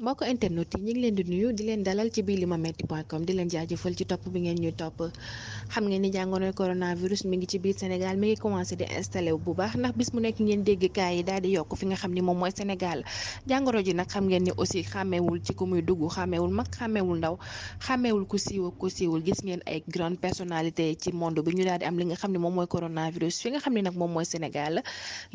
mbokk internet yi ñu ngi leen di nuyu di leen dalal ci biir limametti.com di leen jaajëfal ci topp bi ngeen ñuy topp xam ngeen ni jàngoroy coronavirus mi ngi ci biir Sénégal mi ngi commencé di installé bu baax ndax bis mu nekk ngeen dégg daal di yokk fi nga xam ni moom mooy Sénégal jàngoro ji nag xam ngeen ni aussi xàmmeewul ci ku muy dugg xàmmeewul mag xàmmeewul ndaw xàmmeewul ku siiw ku siiwul gis ngeen ay grande personnalité ci monde bi ñu daal am li nga xam ne moom mooy coronavirus fi nga xam ne nag moom mooy Sénégal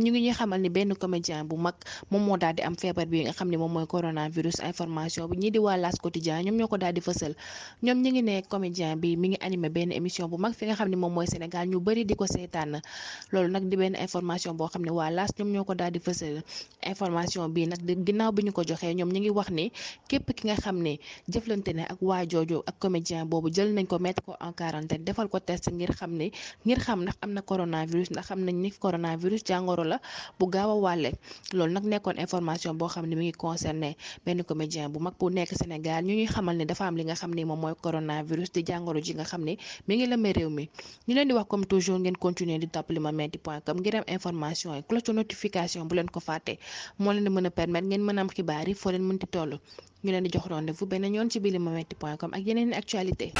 ñu ngi ñuy xamal ni benn comédien bu mag moom moo daal di am feebar bi nga xam ne moom mooy coronavirus source information bi ñii di waa L'As Quotidien ñoom ñoo ko daal di fësal ñoom ñi ngi ne comédien bi mi ngi animé benn émission bu mag fi nga xam ne moom mooy Sénégal ñu bëri di ko seetaan loolu nag di benn information boo xam ñoom ñoo ko daal di fësal information bi nag ginnaaw bi ñu ko joxee ñoom ñi ngi wax ni képp ki nga xam ne jëflante ne ak waa jooju ak comédien boobu jël nañ ko mettre en quarantaine defal ko test ngir xam ne ngir xam ndax am na coronavirus ndax xam nañ ni coronavirus jàngoro la bu a comédien bu mag bu nekk Sénégal ñu ñuy xamal ne dafa am li nga xam ni moom mooy coronavirus di jàngoro ji nga xam ni mi ngi lëmbee réew mi ñu leen di wax comme toujours ngeen continuer di topp limametti point com ngir information yi cloche notification bu leen ko fàtte moo leen di mën a permettre ngeen mën a am xibaar yi foo leen mën ti toll ñu leen di jox rendez-vous beneen yoon ci biir limametti point com ak yeneen actualité